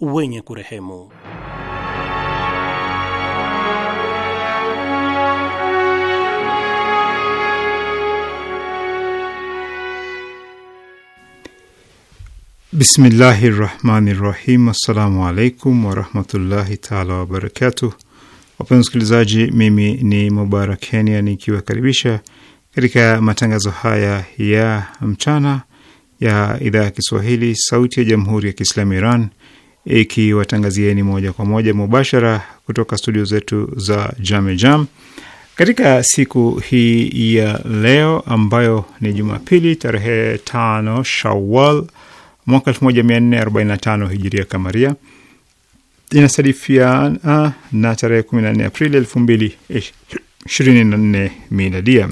wenye kurehemu. Bismillahi rahmani rahim. Assalamu alaikum warahmatullahi taala wabarakatuh. Wapenzi msikilizaji mimi ni Mubarak Kenya nikiwakaribisha katika matangazo haya ya mchana ya idhaa ya Kiswahili sauti ya jamhuri ya Kiislamu Iran ikiwatangazieni moja kwa moja mubashara kutoka studio zetu za Jame Jam katika siku hii ya leo ambayo ni Jumapili tarehe tano Shawal mwaka 1445 hijiria kamaria inasadifiana na tarehe 14 Aprili 2024 miladia.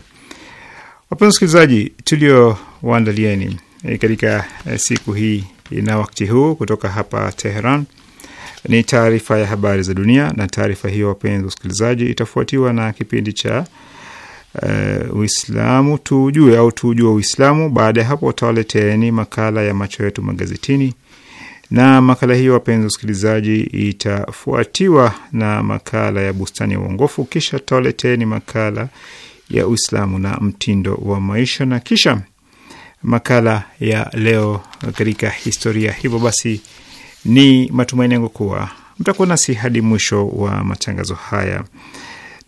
Wapenzi wasikilizaji, tulio waandalieni eh, katika eh, siku hii na wakati huu kutoka hapa Teheran ni taarifa ya habari za dunia, na taarifa hiyo, wapenzi wasikilizaji, itafuatiwa na kipindi cha uh, Uislamu tujue au tujue Uislamu. Baada ya hapo, utawaleteni makala ya macho yetu magazetini, na makala hiyo, wapenzi wasikilizaji, itafuatiwa na makala ya bustani ya uongofu, kisha tawaleteni makala ya Uislamu na mtindo wa maisha na kisha makala ya leo katika historia. Hivyo basi, ni matumaini yangu kuwa mtakuwa nasi hadi mwisho wa matangazo haya,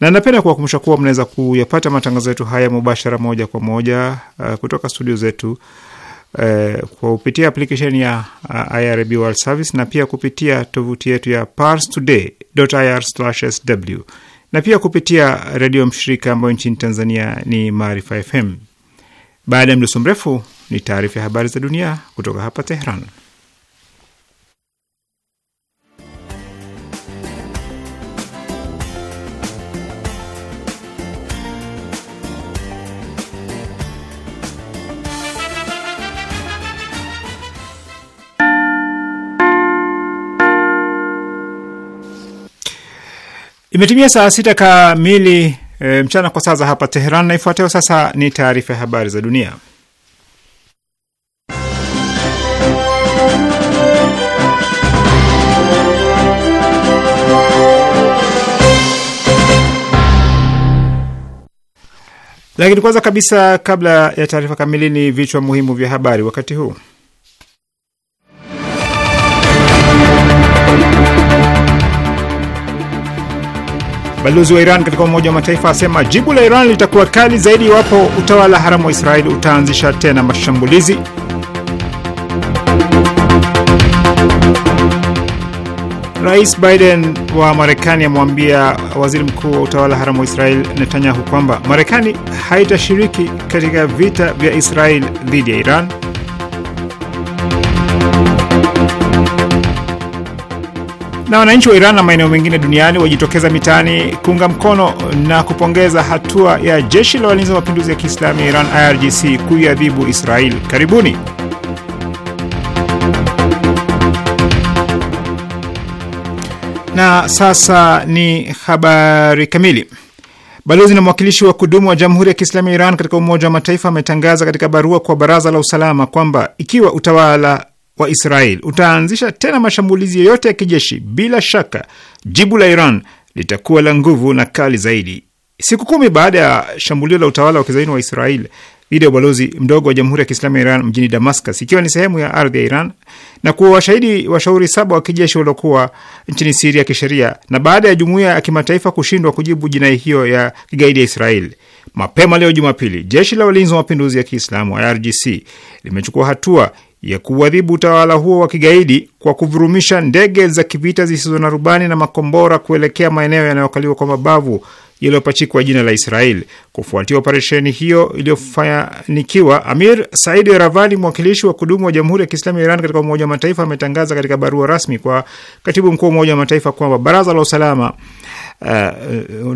na napenda kuwakumbusha kuwa mnaweza kuyapata matangazo yetu haya mubashara, moja kwa moja uh, kutoka studio zetu uh, kwa kupitia aplikesheni ya uh, IRB World Service na pia kupitia tovuti yetu ya parstoday.ir/sw na pia kupitia redio mshirika ambayo nchini Tanzania ni Maarifa FM. Baada ya mdoso mrefu ni taarifa ya habari za dunia kutoka hapa Tehran. Imetimia saa sita kamili e, mchana kwa saa za hapa Teheran, na ifuatayo sasa ni taarifa ya habari za dunia. Lakini kwanza kabisa, kabla ya taarifa kamili, ni vichwa muhimu vya habari wakati huu. Balozi wa Iran katika Umoja wa Mataifa asema jibu la Iran litakuwa kali zaidi iwapo utawala haramu wa israel utaanzisha tena mashambulizi. Rais Biden wa Marekani amwambia waziri mkuu wa utawala haramu wa Israel Netanyahu kwamba Marekani haitashiriki katika vita vya Israel dhidi ya Iran. na wananchi wa Iran na maeneo mengine duniani wajitokeza mitaani kuunga mkono na kupongeza hatua ya jeshi la walinzi wa mapinduzi ya Kiislamu ya Iran IRGC kuiadhibu Israel. Karibuni. Na sasa ni habari kamili. Balozi na mwakilishi wa kudumu wa Jamhuri ya Kiislamu ya Iran katika Umoja wa Mataifa ametangaza katika barua kwa Baraza la Usalama kwamba ikiwa utawala wa Israel utaanzisha tena mashambulizi yoyote ya kijeshi, bila shaka jibu la Iran litakuwa la nguvu na kali zaidi. Siku kumi baada ya shambulio la utawala wa kizaini wa Israel dhidi ya ubalozi mdogo wa Jamhuri ya Kiislamu ya Iran mjini Damascus, ikiwa ni sehemu ya ardhi ya Iran na kuwa washahidi washauri saba wa kijeshi waliokuwa nchini Siria kisheria, na baada ya jumuiya ya kimataifa kushindwa kujibu jinai hiyo ya kigaidi ya Israel, mapema leo Jumapili, jeshi la walinzi wa mapinduzi ya Kiislamu IRGC limechukua hatua ya kuadhibu utawala huo wa kigaidi kwa kuvurumisha ndege za kivita zisizo na rubani na makombora kuelekea maeneo yanayokaliwa kwa mabavu yaliyopachikwa jina la Israel. Kufuatia operesheni hiyo iliyofanikiwa, Amir Said Ravani, mwakilishi wa kudumu wa Jamhuri ya Kiislamu ya Iran katika Umoja wa Mataifa, ametangaza katika barua rasmi kwa katibu mkuu wa Umoja wa Mataifa kwamba baraza la usalama uh,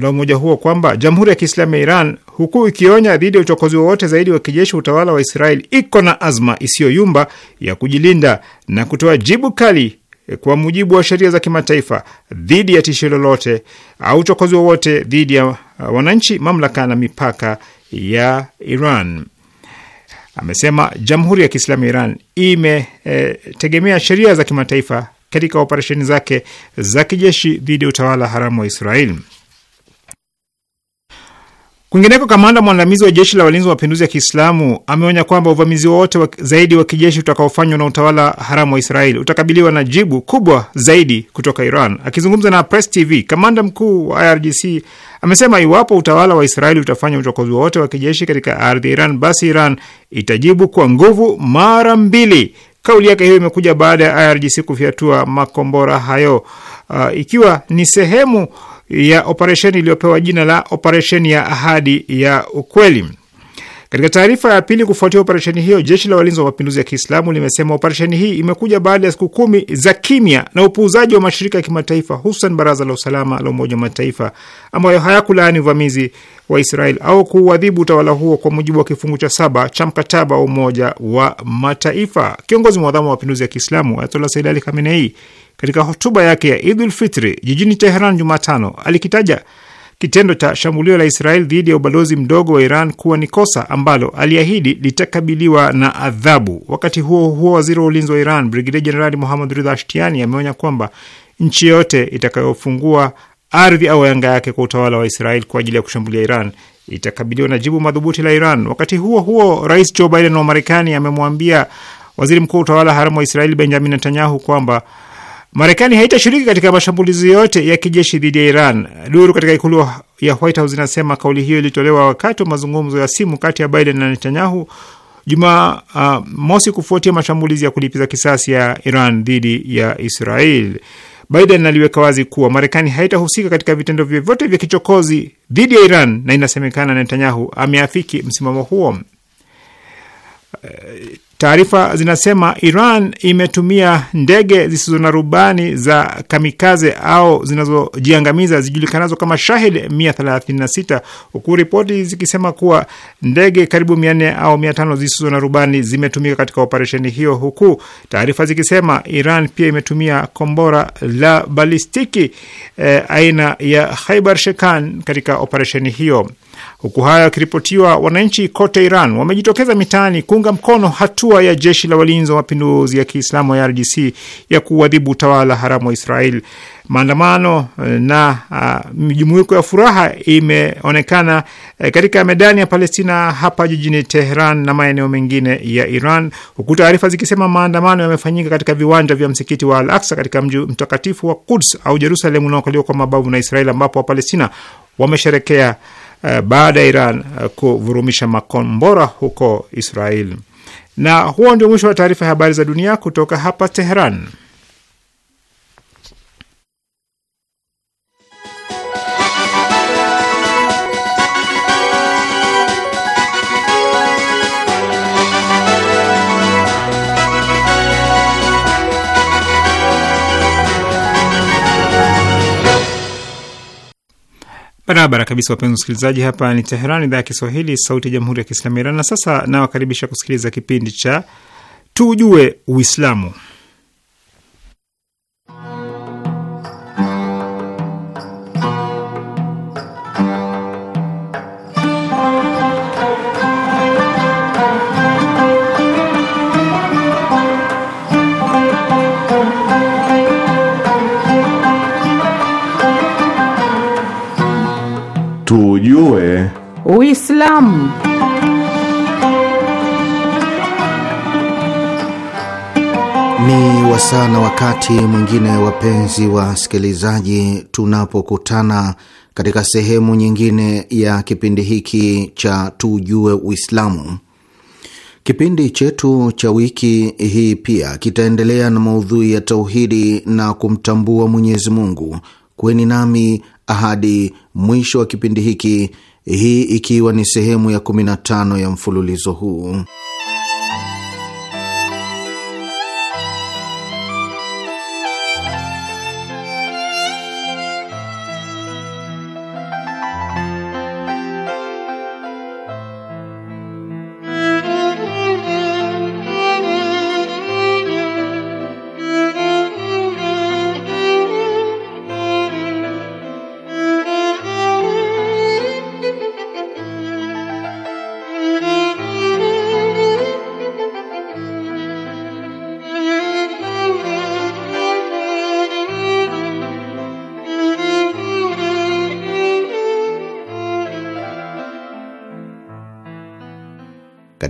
la umoja huo kwamba Jamhuri ya Kiislamu ya Iran, huku ikionya dhidi ya uchokozi wowote zaidi wa kijeshi utawala wa Israel, iko na azma isiyoyumba ya kujilinda na kutoa jibu kali Eh, kwa mujibu wa sheria za kimataifa dhidi ya tishio lolote au uchokozi wowote dhidi ya uh, wananchi, mamlaka na mipaka ya Iran. Amesema Jamhuri ya Kiislamu ya Iran imetegemea eh, e, sheria za kimataifa katika operesheni zake za kijeshi dhidi ya utawala haramu wa Israeli. Kwingineko, kamanda mwandamizi wa jeshi la walinzi wa mapinduzi ya Kiislamu ameonya kwamba uvamizi wowote wa zaidi wa kijeshi utakaofanywa na utawala haramu wa Israeli utakabiliwa na jibu kubwa zaidi kutoka Iran. Akizungumza na Press TV, kamanda mkuu wa IRGC amesema iwapo utawala wa Israeli utafanya uchokozi wowote wa kijeshi katika ardhi ya Iran, basi Iran itajibu kwa nguvu mara mbili. Kauli yake hiyo imekuja baada ya IRGC kufyatua makombora hayo, uh, ikiwa ni sehemu ya operesheni iliyopewa jina la operesheni ya ahadi ya ukweli. Katika taarifa ya pili kufuatia operesheni hiyo, jeshi la walinzi wa mapinduzi ya Kiislamu limesema operesheni hii imekuja baada ya siku kumi za kimya na upuuzaji wa mashirika ya kimataifa, hususan baraza la usalama la Umoja wa Mataifa, ambayo hayakulaani uvamizi wa israel au kuuadhibu utawala huo kwa mujibu wa kifungu cha saba cha mkataba wa Umoja wa Mataifa. Kiongozi mwadhamu wa mapinduzi ya Kiislamu Ayatollah Said Ali Khamenei katika hotuba yake ya Idul Fitri jijini Teheran Jumatano alikitaja kitendo cha shambulio la Israel dhidi ya ubalozi mdogo wa Iran kuwa ni kosa ambalo aliahidi litakabiliwa na adhabu. Wakati huo huo, waziri wa ulinzi wa Iran Brigedia Jenerali Mohammad Ridha Ashtiani ameonya kwamba nchi yoyote itakayofungua ardhi au anga yake kwa utawala wa Israel kwa ajili ya kushambulia Iran itakabiliwa na jibu madhubuti la Iran. Wakati huo huo, rais Joe Biden wa Marekani amemwambia waziri mkuu wa utawala haramu wa Israeli Benjamin Netanyahu kwamba Marekani haitashiriki katika mashambulizi yote ya kijeshi dhidi ya Iran. Duru katika ikulu ya White House inasema kauli hiyo ilitolewa wakati wa mazungumzo ya simu kati ya Biden na Netanyahu Jumaa uh, mosi kufuatia mashambulizi ya kulipiza kisasi ya Iran dhidi ya Israel. Biden aliweka wazi kuwa Marekani haitahusika katika vitendo vyovyote vya kichokozi dhidi ya Iran, na inasemekana Netanyahu ameafiki msimamo huo. Uh, Taarifa zinasema Iran imetumia ndege zisizo na rubani za kamikaze au zinazojiangamiza zijulikanazo kama Shahid 136 huku ripoti zikisema kuwa ndege karibu 400 au 500 zisizo na rubani zimetumika katika operesheni hiyo, huku taarifa zikisema Iran pia imetumia kombora la balistiki eh, aina ya Khaibar Shekan katika operesheni hiyo. Huku hayo yakiripotiwa, wananchi kote Iran wamejitokeza mitaani kuunga mkono hatua ya jeshi la walinzi wa mapinduzi ya Kiislamu ya IRGC ya kuadhibu utawala haramu wa Israel. Maandamano eh, na uh, ah, mjumuiko ya furaha imeonekana uh, katika medani ya Palestina hapa jijini Tehran na maeneo mengine ya Iran, huku taarifa zikisema maandamano yamefanyika katika viwanja vya msikiti wa Al Aksa katika mji mtakatifu wa Kuds au Jerusalem unaokaliwa kwa mabavu na Israel, ambapo Wapalestina wamesherekea Eh, baada ya Iran eh, kuvurumisha makombora huko Israel. Na huo ndio mwisho wa taarifa ya habari za dunia kutoka hapa Tehran. Barabara kabisa, wapenzi wasikilizaji, hapa ni Teheran, idhaa ya Kiswahili, sauti ya jamhuri ya kiislamu ya Iran. Na sasa nawakaribisha kusikiliza kipindi cha tujue Uislamu. Uislamu. Ni wasaa na wakati mwingine, wapenzi wa sikilizaji, tunapokutana katika sehemu nyingine ya kipindi hiki cha Tujue Uislamu. Kipindi chetu cha wiki hii pia kitaendelea na maudhui ya tauhidi na kumtambua Mwenyezi Mungu. Kweni nami ahadi mwisho wa kipindi hiki hii ikiwa ni sehemu ya 15 ya mfululizo huu.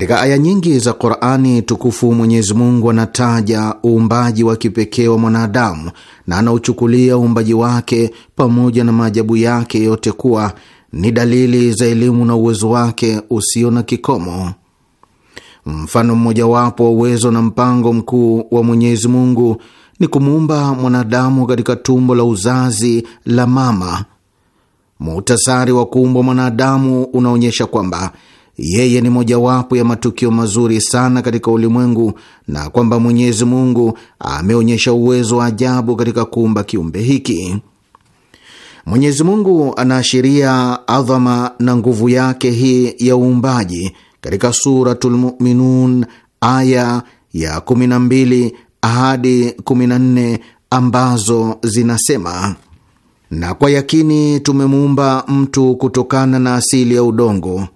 Katika aya nyingi za Qurani tukufu Mwenyezi Mungu anataja uumbaji wa kipekee wa mwanadamu na anauchukulia uumbaji wake pamoja na maajabu yake yote kuwa ni dalili za elimu na uwezo wake usio na kikomo. Mfano mmojawapo wa uwezo na mpango mkuu wa Mwenyezi Mungu ni kumuumba mwanadamu katika tumbo la uzazi la mama. Muhtasari wa kuumbwa mwanadamu unaonyesha kwamba yeye ni mojawapo ya matukio mazuri sana katika ulimwengu na kwamba Mwenyezi Mungu ameonyesha uwezo wa ajabu katika kuumba kiumbe hiki. Mwenyezi Mungu anaashiria adhama na nguvu yake hii ya uumbaji katika Suratul Muminun aya ya 12 hadi 14 ambazo zinasema: na kwa yakini tumemuumba mtu kutokana na asili ya udongo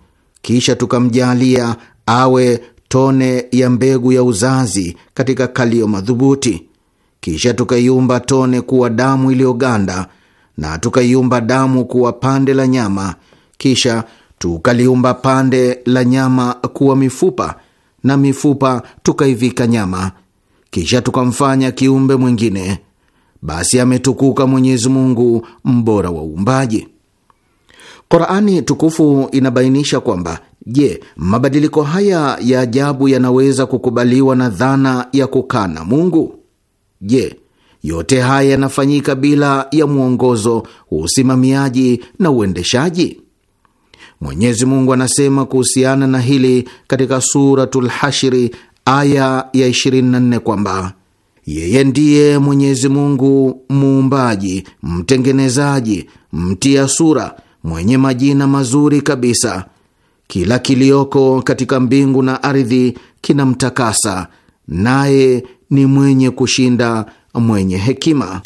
kisha tukamjalia awe tone ya mbegu ya uzazi katika kalio madhubuti, kisha tukaiumba tone kuwa damu iliyoganda na tukaiumba damu kuwa pande la nyama, kisha tukaliumba pande la nyama kuwa mifupa na mifupa tukaivika nyama, kisha tukamfanya kiumbe mwingine. Basi ametukuka Mwenyezi Mungu, mbora wa uumbaji. Qurani tukufu inabainisha kwamba je, mabadiliko haya ya ajabu yanaweza kukubaliwa na dhana ya kukana Mungu? Je, yote haya yanafanyika bila ya mwongozo, usimamiaji na uendeshaji? Mwenyezi Mungu anasema kuhusiana na hili katika Suratul Hashri aya ya 24 kwamba yeye ndiye Mwenyezi Mungu muumbaji, mtengenezaji, mtia sura mwenye majina mazuri kabisa. Kila kilioko katika mbingu na ardhi kinamtakasa, naye ni mwenye kushinda, mwenye hekima.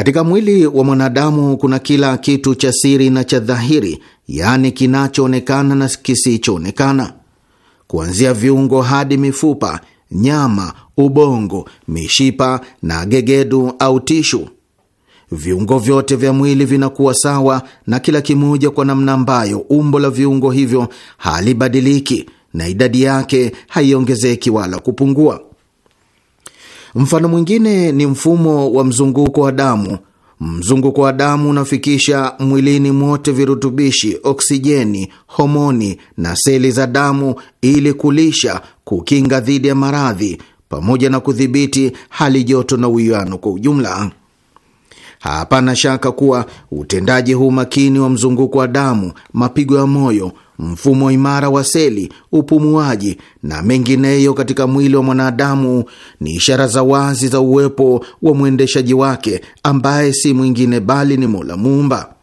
Katika mwili wa mwanadamu kuna kila kitu cha siri na cha dhahiri, yaani kinachoonekana na kisichoonekana, kuanzia viungo hadi mifupa, nyama, ubongo, mishipa na gegedu au tishu. Viungo vyote vya mwili vinakuwa sawa na kila kimoja kwa namna ambayo umbo la viungo hivyo halibadiliki na idadi yake haiongezeki wala kupungua. Mfano mwingine ni mfumo wa mzunguko wa damu. Mzunguko wa damu unafikisha mwilini mwote virutubishi, oksijeni, homoni na seli za damu ili kulisha, kukinga dhidi ya maradhi pamoja na kudhibiti hali joto na uwiano kwa ujumla. Hapana shaka kuwa utendaji huu makini wa mzunguko wa damu, mapigo ya moyo mfumo imara wa seli, upumuaji na mengineyo katika mwili wa mwanadamu ni ishara za wazi za uwepo wa mwendeshaji wake ambaye si mwingine bali ni Mola Muumba.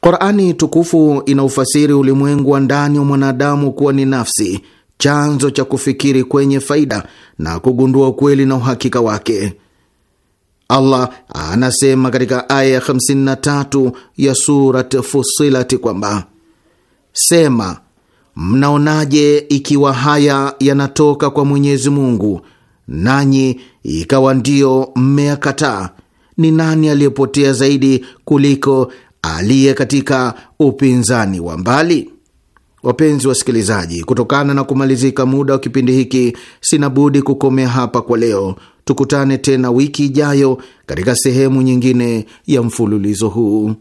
Qurani tukufu inaufasiri ulimwengu wa ndani wa mwanadamu kuwa ni nafsi, chanzo cha kufikiri kwenye faida na kugundua ukweli na uhakika wake. Allah anasema katika aya ya 53 ya Surat Fusilati kwamba Sema, mnaonaje ikiwa haya yanatoka kwa Mwenyezi Mungu nanyi ikawa ndiyo mmeyakataa? Ni nani aliyepotea zaidi kuliko aliye katika upinzani wa mbali? Wapenzi wasikilizaji, kutokana na kumalizika muda wa kipindi hiki, sina budi kukomea hapa kwa leo. Tukutane tena wiki ijayo katika sehemu nyingine ya mfululizo huu.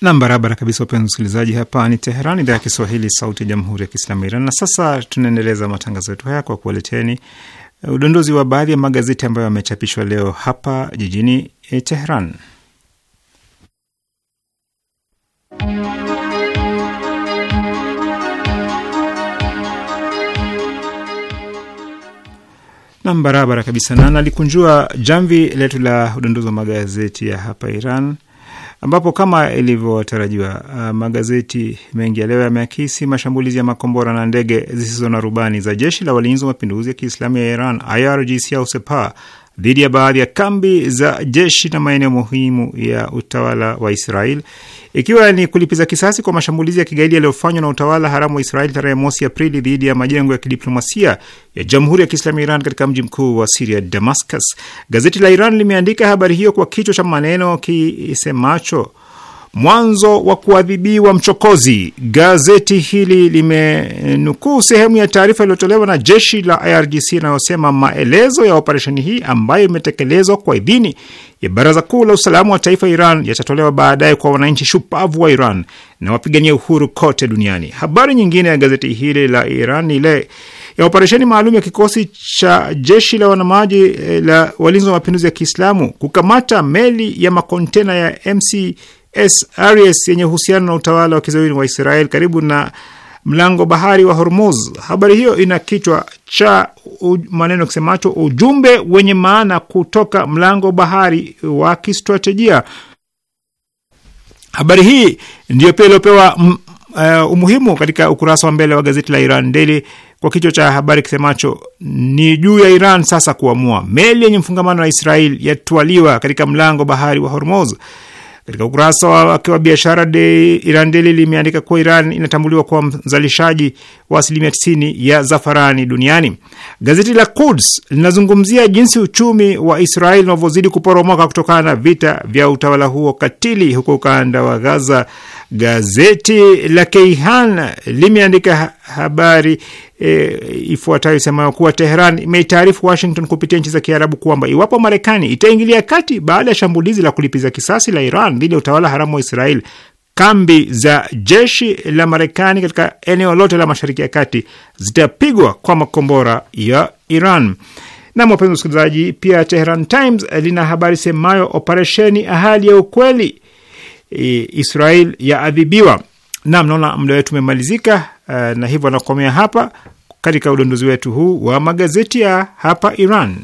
Nam, barabara kabisa, wapenzi msikilizaji, hapa ni Teheran, idhaa ya Kiswahili, sauti ya jamhuri ya kiislamu ya Iran. Na sasa tunaendeleza matangazo yetu haya kwa kuwaleteni eh, udondozi wa baadhi ya magazeti ambayo yamechapishwa leo hapa jijini eh, Teheran. Nam, barabara kabisa, na nalikunjua jamvi letu la udondozi wa magazeti ya hapa Iran ambapo kama ilivyotarajiwa uh, magazeti mengi ya leo yameakisi mashambulizi ya makombora na ndege zisizo na rubani za jeshi la walinzi wa mapinduzi ya Kiislamu ya Iran IRGC au Sepah dhidi ya baadhi ya kambi za jeshi na maeneo muhimu ya utawala wa Israel ikiwa ni kulipiza kisasi kwa mashambulizi ya kigaidi yaliyofanywa na utawala haramu wa Israel tarehe mosi Aprili dhidi ya majengo ya kidiplomasia ya Jamhuri ya Kiislamu ya Iran katika mji mkuu wa Siria, Damascus. Gazeti la Iran limeandika habari hiyo kwa kichwa cha maneno kisemacho mwanzo wa kuadhibiwa mchokozi. Gazeti hili limenukuu sehemu ya taarifa iliyotolewa na jeshi la IRGC inayosema maelezo ya operesheni hii ambayo imetekelezwa kwa idhini ya Baraza Kuu la Usalama wa Taifa Iran yatatolewa baadaye kwa wananchi shupavu wa Iran na wapigania uhuru kote duniani. Habari nyingine ya gazeti hili la Iran ni ile ya operesheni maalum ya kikosi cha jeshi la wanamaji eh, la walinzi wa mapinduzi ya Kiislamu kukamata meli ya makontena ya MC Aries yenye uhusiano na utawala wa kizawini wa Israel karibu na mlango bahari wa Hormuz. Habari hiyo ina kichwa cha maneno kisemacho ujumbe wenye maana kutoka mlango bahari wa kistratejia. Habari hii ndiyo pia iliopewa uh, mm, eh, umuhimu katika ukurasa wa mbele wa gazeti la Iran Daily kwa kichwa cha habari kisemacho ni juu ya Iran sasa kuamua. Meli yenye mfungamano na Israel yatwaliwa katika mlango bahari wa Hormuz. Katika ukurasa wake wa biashara Day, Iran Daily limeandika kuwa Iran inatambuliwa kwa mzalishaji wa asilimia 90 ya zafarani duniani. Gazeti la Quds linazungumzia jinsi uchumi wa Israel unavyozidi kuporomoka kutokana na vita vya utawala huo katili huko ukanda wa Gaza. Gazeti la Keihan limeandika habari e, ifuatayo isemayo kuwa Teheran imeitaarifu Washington kupitia nchi za Kiarabu kwamba iwapo Marekani itaingilia kati baada ya shambulizi la kulipiza kisasi la Iran dhidi ya utawala haramu wa Israel, kambi za jeshi la Marekani katika eneo lote la Mashariki ya Kati zitapigwa kwa makombora ya Iran. Na wapenzi wasikilizaji, pia Teheran Times lina habari semayo operesheni ahadi ya ukweli, e, Israel yaadhibiwa. Naam, naona muda wetu umemalizika, uh, na hivyo anakomea hapa katika udondozi wetu huu wa magazeti ya hapa Iran.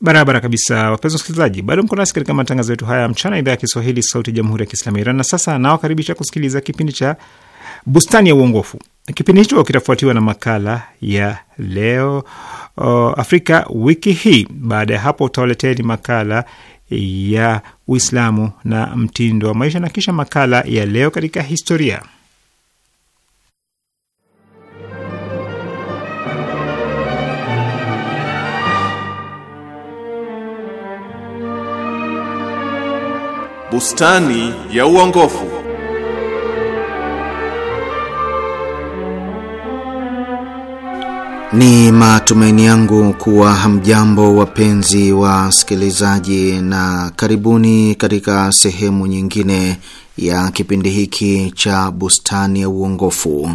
Barabara kabisa, wapenzi wasikilizaji, bado mko nasi katika matangazo yetu haya mchana, idhaa ya Kiswahili, sauti ya jamhuri ya kiislamu ya Iran. Na sasa nawakaribisha kusikiliza kipindi cha Bustani ya Uongofu. Kipindi hicho kitafuatiwa na makala ya Leo Afrika wiki hii. Baada ya hapo, utawaleteni makala ya Uislamu na mtindo wa maisha na kisha makala ya Leo katika Historia. Bustani ya Uongofu. Ni matumaini yangu kuwa hamjambo wapenzi wa wasikilizaji, na karibuni katika sehemu nyingine ya kipindi hiki cha Bustani ya Uongofu.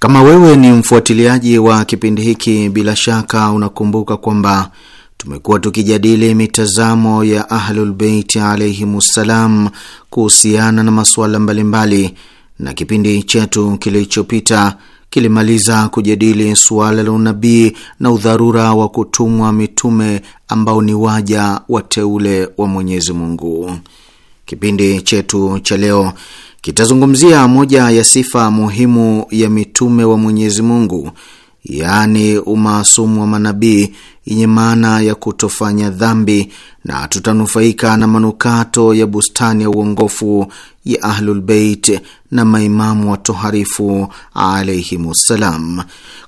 Kama wewe ni mfuatiliaji wa kipindi hiki, bila shaka unakumbuka kwamba tumekuwa tukijadili mitazamo ya Ahlulbeiti alaihimussalam kuhusiana na masuala mbalimbali, na kipindi chetu kilichopita kilimaliza kujadili suala la unabii na udharura wa kutumwa mitume ambao ni waja wateule wa Mwenyezi Mungu. Kipindi chetu cha leo kitazungumzia moja ya sifa muhimu ya mitume wa Mwenyezi Mungu yaani umaasumu wa manabii yenye maana ya kutofanya dhambi, na tutanufaika na manukato ya bustani ya uongofu ya Ahlulbeit na maimamu watoharifu alaihimussalam.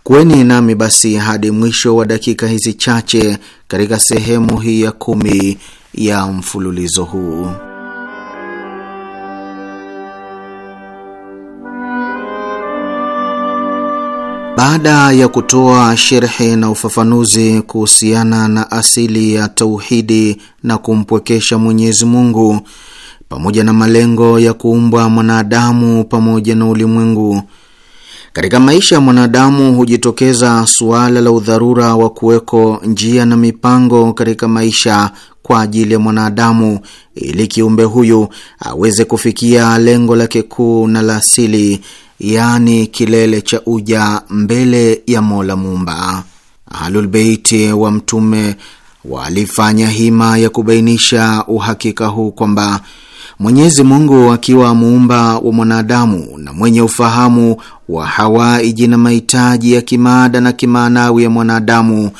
Kuweni nami basi hadi mwisho wa dakika hizi chache katika sehemu hii ya kumi ya mfululizo huu. Baada ya kutoa sherhe na ufafanuzi kuhusiana na asili ya tauhidi na kumpwekesha Mwenyezi Mungu pamoja na malengo ya kuumbwa mwanadamu pamoja na ulimwengu, katika maisha ya mwanadamu hujitokeza suala la udharura wa kuweko njia na mipango katika maisha kwa ajili ya mwanadamu ili kiumbe huyu aweze kufikia lengo lake kuu na la asili yaani kilele cha uja mbele ya Mola Muumba. Ahlulbeiti wa Mtume walifanya hima ya kubainisha uhakika huu kwamba Mwenyezi Mungu akiwa muumba wa mwanadamu na mwenye ufahamu wa hawaiji na mahitaji ya kimaada na kimaanawi ya mwanadamu,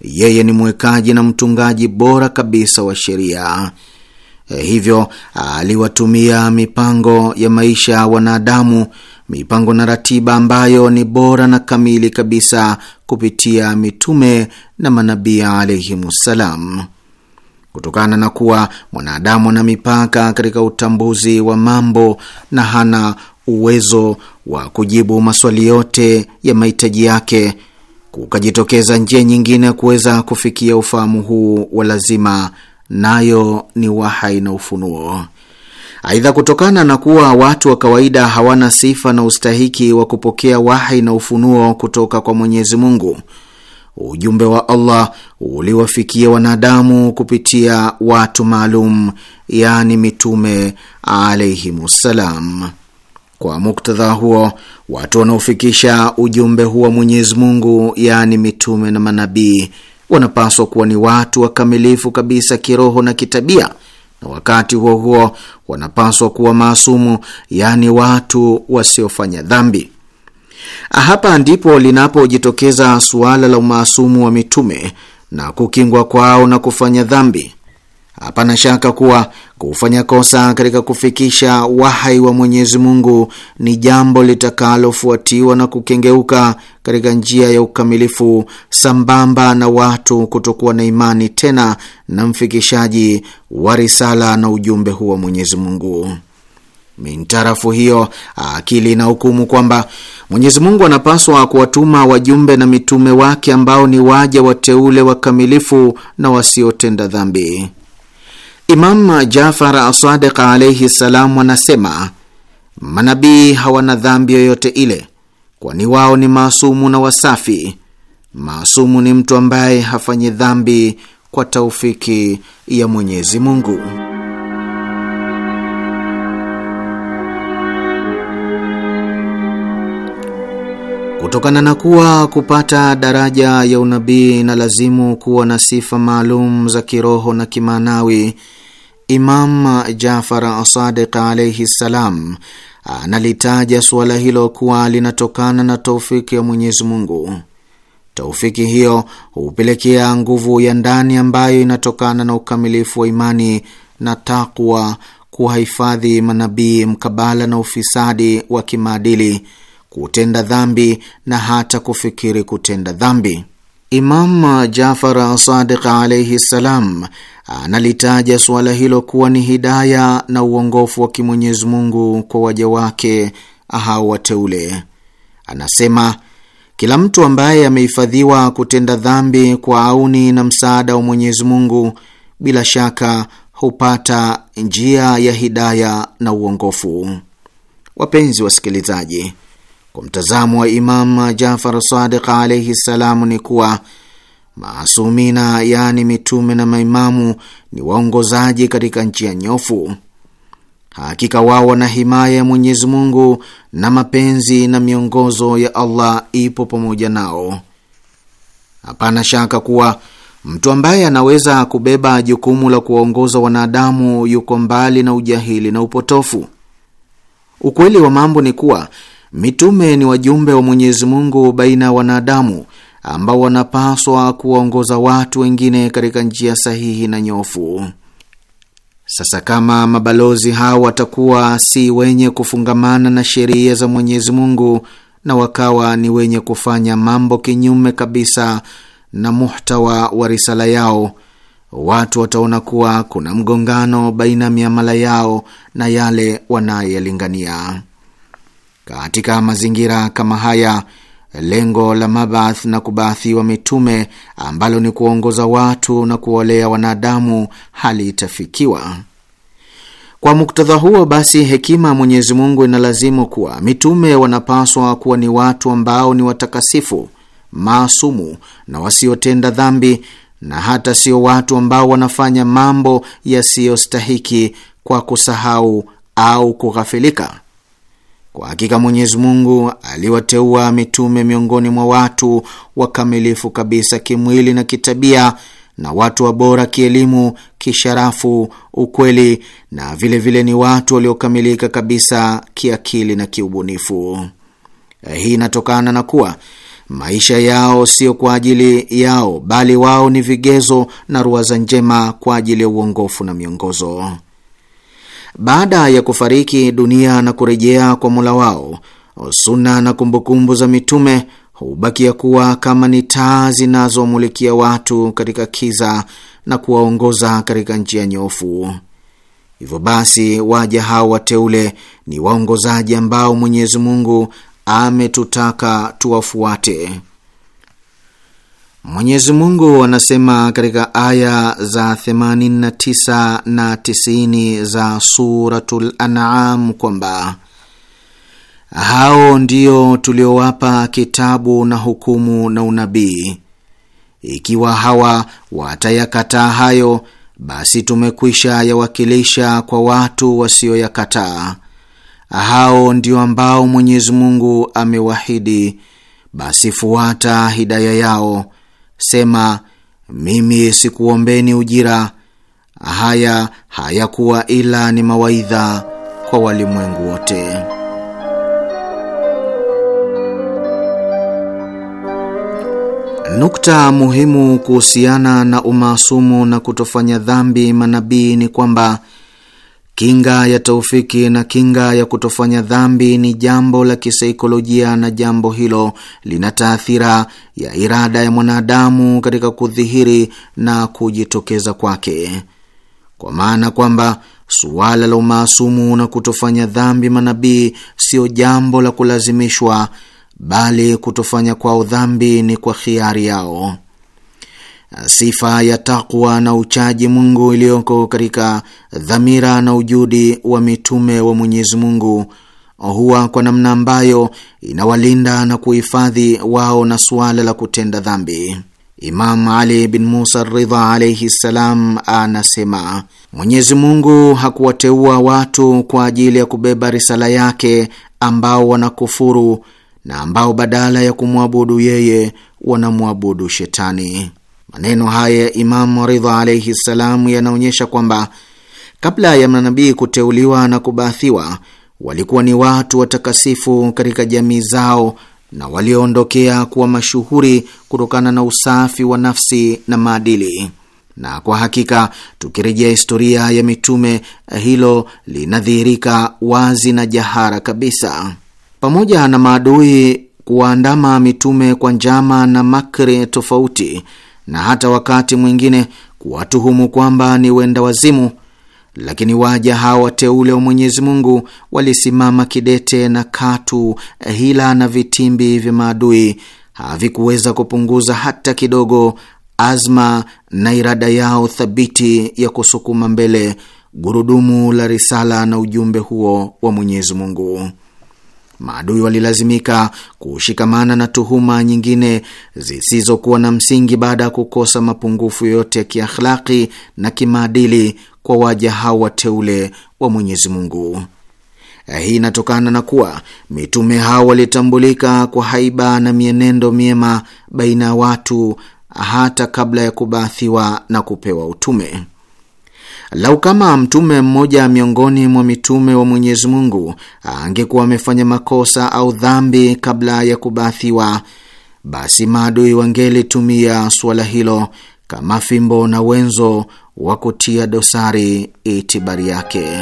yeye ni mwekaji na mtungaji bora kabisa wa sheria. Hivyo aliwatumia mipango ya maisha ya wanadamu mipango na ratiba ambayo ni bora na kamili kabisa kupitia mitume na manabii alaihimussalam. Kutokana na kuwa mwanadamu ana mipaka katika utambuzi wa mambo na hana uwezo wa kujibu maswali yote ya mahitaji yake, kukajitokeza njia nyingine ya kuweza kufikia ufahamu huu wa lazima, nayo ni wahai na ufunuo. Aidha, kutokana na kuwa watu wa kawaida hawana sifa na ustahiki wa kupokea wahi na ufunuo kutoka kwa Mwenyezi Mungu, ujumbe wa Allah uliwafikia wanadamu kupitia watu maalum, yani mitume alaihimussalam. Kwa muktadha huo, watu wanaofikisha ujumbe huo wa Mwenyezi Mungu, yaani mitume na manabii, wanapaswa kuwa ni watu wakamilifu kabisa kiroho na kitabia na wakati huo huo wanapaswa kuwa maasumu, yaani watu wasiofanya dhambi. Ah, hapa ndipo linapojitokeza suala la umaasumu wa mitume na kukingwa kwao na kufanya dhambi. Hapana shaka kuwa kufanya kosa katika kufikisha wahai wa Mwenyezi Mungu ni jambo litakalofuatiwa na kukengeuka katika njia ya ukamilifu, sambamba na watu kutokuwa na imani tena na mfikishaji wa risala na ujumbe huu wa Mwenyezi Mungu. Mintarafu hiyo akili na hukumu kwamba Mwenyezi Mungu anapaswa kuwatuma wajumbe na mitume wake ambao ni waja wateule wakamilifu na wasiotenda dhambi. Imam Jafar Asadiq alaihi ssalam anasema manabii hawana dhambi yoyote ile, kwani wao ni maasumu na wasafi. Maasumu ni mtu ambaye hafanyi dhambi kwa taufiki ya Mwenyezi Mungu. Kutokana na kuwa kupata daraja ya unabii na lazimu kuwa na sifa maalum za kiroho na kimaanawi, Imam Jafar Sadiq alaihi ssalam analitaja suala hilo kuwa linatokana na taufiki ya Mwenyezi Mungu. Taufiki hiyo hupelekea nguvu ya ndani ambayo inatokana na ukamilifu wa imani na takwa kuwahifadhi manabii mkabala na ufisadi wa kimaadili kutenda dhambi na hata kufikiri kutenda dhambi. Imam Jafar Sadiq alaihi ssalam analitaja suala hilo kuwa ni hidaya na uongofu wa Kimwenyezi Mungu kwa waja wake hao wateule. Anasema kila mtu ambaye amehifadhiwa kutenda dhambi kwa auni na msaada wa Mwenyezi Mungu, bila shaka hupata njia ya hidaya na uongofu. Wapenzi wasikilizaji kwa mtazamo wa Imam Jafar Sadiq alaihi ssalamu ni kuwa maasumina, yaani mitume na maimamu, ni waongozaji katika nchi ya nyofu. Hakika wao wana himaya ya Mwenyezi Mungu na mapenzi na miongozo ya Allah ipo pamoja nao. Hapana shaka kuwa mtu ambaye anaweza kubeba jukumu la kuwaongoza wanadamu yuko mbali na ujahili na upotofu. Ukweli wa mambo ni kuwa Mitume ni wajumbe wa Mwenyezi Mungu baina ya wanadamu ambao wanapaswa kuwaongoza watu wengine katika njia sahihi na nyofu. Sasa kama mabalozi hao watakuwa si wenye kufungamana na sheria za Mwenyezi Mungu na wakawa ni wenye kufanya mambo kinyume kabisa na muhtawa wa risala yao, watu wataona kuwa kuna mgongano baina ya miamala yao na yale wanayelingania. Katika mazingira kama haya, lengo la mabath na kubaathiwa mitume ambalo ni kuongoza watu na kuwalea wanadamu halitafikiwa. Kwa muktadha huo basi, hekima mwenyezimungu Mwenyezi Mungu inalazimu kuwa mitume wanapaswa kuwa ni watu ambao ni watakasifu, maasumu na wasiotenda dhambi, na hata sio watu ambao wanafanya mambo yasiyostahiki kwa kusahau au kughafilika. Kwa hakika Mwenyezi Mungu aliwateua mitume miongoni mwa watu wakamilifu kabisa kimwili na kitabia, na watu wa bora kielimu, kisharafu, ukweli, na vilevile vile ni watu waliokamilika kabisa kiakili na kiubunifu. Hii inatokana na kuwa maisha yao sio kwa ajili yao, bali wao ni vigezo na ruwaza njema kwa ajili ya uongofu na miongozo baada ya kufariki dunia na kurejea kwa mula wao, suna na kumbukumbu za mitume hubakia kuwa kama ni taa zinazomulikia watu katika kiza na kuwaongoza katika njia nyofu. Hivyo basi, waja hao wateule ni waongozaji ambao Mwenyezi Mungu ametutaka tuwafuate. Mwenyezi Mungu anasema katika aya za 89 na 90 za Suratul An'am kwamba hao ndio tuliowapa kitabu na hukumu na unabii. Ikiwa hawa watayakataa hayo, basi tumekwisha yawakilisha kwa watu wasioyakataa. Hao ndio ambao Mwenyezi Mungu amewahidi, basi fuata hidaya yao Sema, mimi sikuombeni ujira, haya hayakuwa ila ni mawaidha kwa walimwengu wote. Nukta muhimu kuhusiana na umaasumu na kutofanya dhambi manabii ni kwamba Kinga ya taufiki na kinga ya kutofanya dhambi ni jambo la kisaikolojia, na jambo hilo lina taathira ya irada ya mwanadamu katika kudhihiri na kujitokeza kwake, kwa maana kwamba suala la umaasumu na kutofanya dhambi manabii siyo jambo la kulazimishwa, bali kutofanya kwao dhambi ni kwa khiari yao. Eh, sifa ya takwa na uchaji Mungu iliyoko katika dhamira na ujudi wa mitume wa Mwenyezi Mungu huwa kwa namna ambayo inawalinda na kuhifadhi wao na suala la kutenda dhambi. Imam Ali bin Musa Ridha alaihi ssalam anasema Mwenyezi Mungu hakuwateua watu kwa ajili ya kubeba risala yake ambao wanakufuru na ambao badala ya kumwabudu yeye wanamwabudu shetani. Maneno haya ya Imamu Ridha alaihi ssalam yanaonyesha kwamba kabla ya manabii kuteuliwa na kubaathiwa walikuwa ni watu watakasifu katika jamii zao na walioondokea kuwa mashuhuri kutokana na usafi wa nafsi na maadili. Na kwa hakika tukirejea historia ya mitume, hilo linadhihirika wazi na jahara kabisa. Pamoja na maadui kuwaandama mitume kwa njama na makri tofauti, na hata wakati mwingine kuwatuhumu kwamba ni wenda wazimu, lakini waja hawa wateule wa Mwenyezi Mungu walisimama kidete na katu hila na vitimbi vya maadui havikuweza kupunguza hata kidogo azma na irada yao thabiti ya kusukuma mbele gurudumu la risala na ujumbe huo wa Mwenyezi Mungu maadui walilazimika kushikamana na tuhuma nyingine zisizokuwa na msingi baada ya kukosa mapungufu yoyote ya kiakhlaki na kimaadili kwa waja hao wateule wa Mwenyezi Mungu. Eh, hii inatokana na kuwa mitume hao walitambulika kwa haiba na mienendo miema baina ya watu hata kabla ya kubaathiwa na kupewa utume. Lau kama mtume mmoja miongoni mwa mitume wa Mwenyezi Mungu angekuwa amefanya makosa au dhambi kabla ya kubathiwa, basi maadui wangelitumia suala hilo kama fimbo na wenzo wa kutia dosari itibari yake.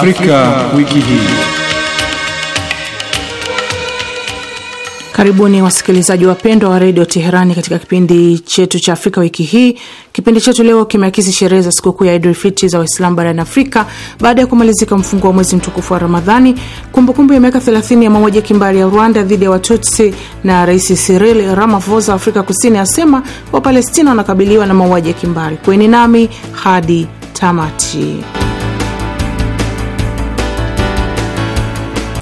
Afrika wiki hii. Karibuni wasikilizaji wapendwa wa redio Teherani katika kipindi chetu cha Afrika wiki hii. Kipindi chetu leo kimeakisi sherehe za sikukuu ya Idul Fitri za Waislamu barani Afrika baada ya kumalizika mfungo wa mwezi mtukufu wa Ramadhani, kumbukumbu ya miaka 30 ya mauaji ya kimbari ya Rwanda dhidi ya Watutsi, na Rais Cyril Ramaphosa wa Afrika Kusini asema Wapalestina wanakabiliwa na mauaji ya kimbari. Kweni nami hadi tamati.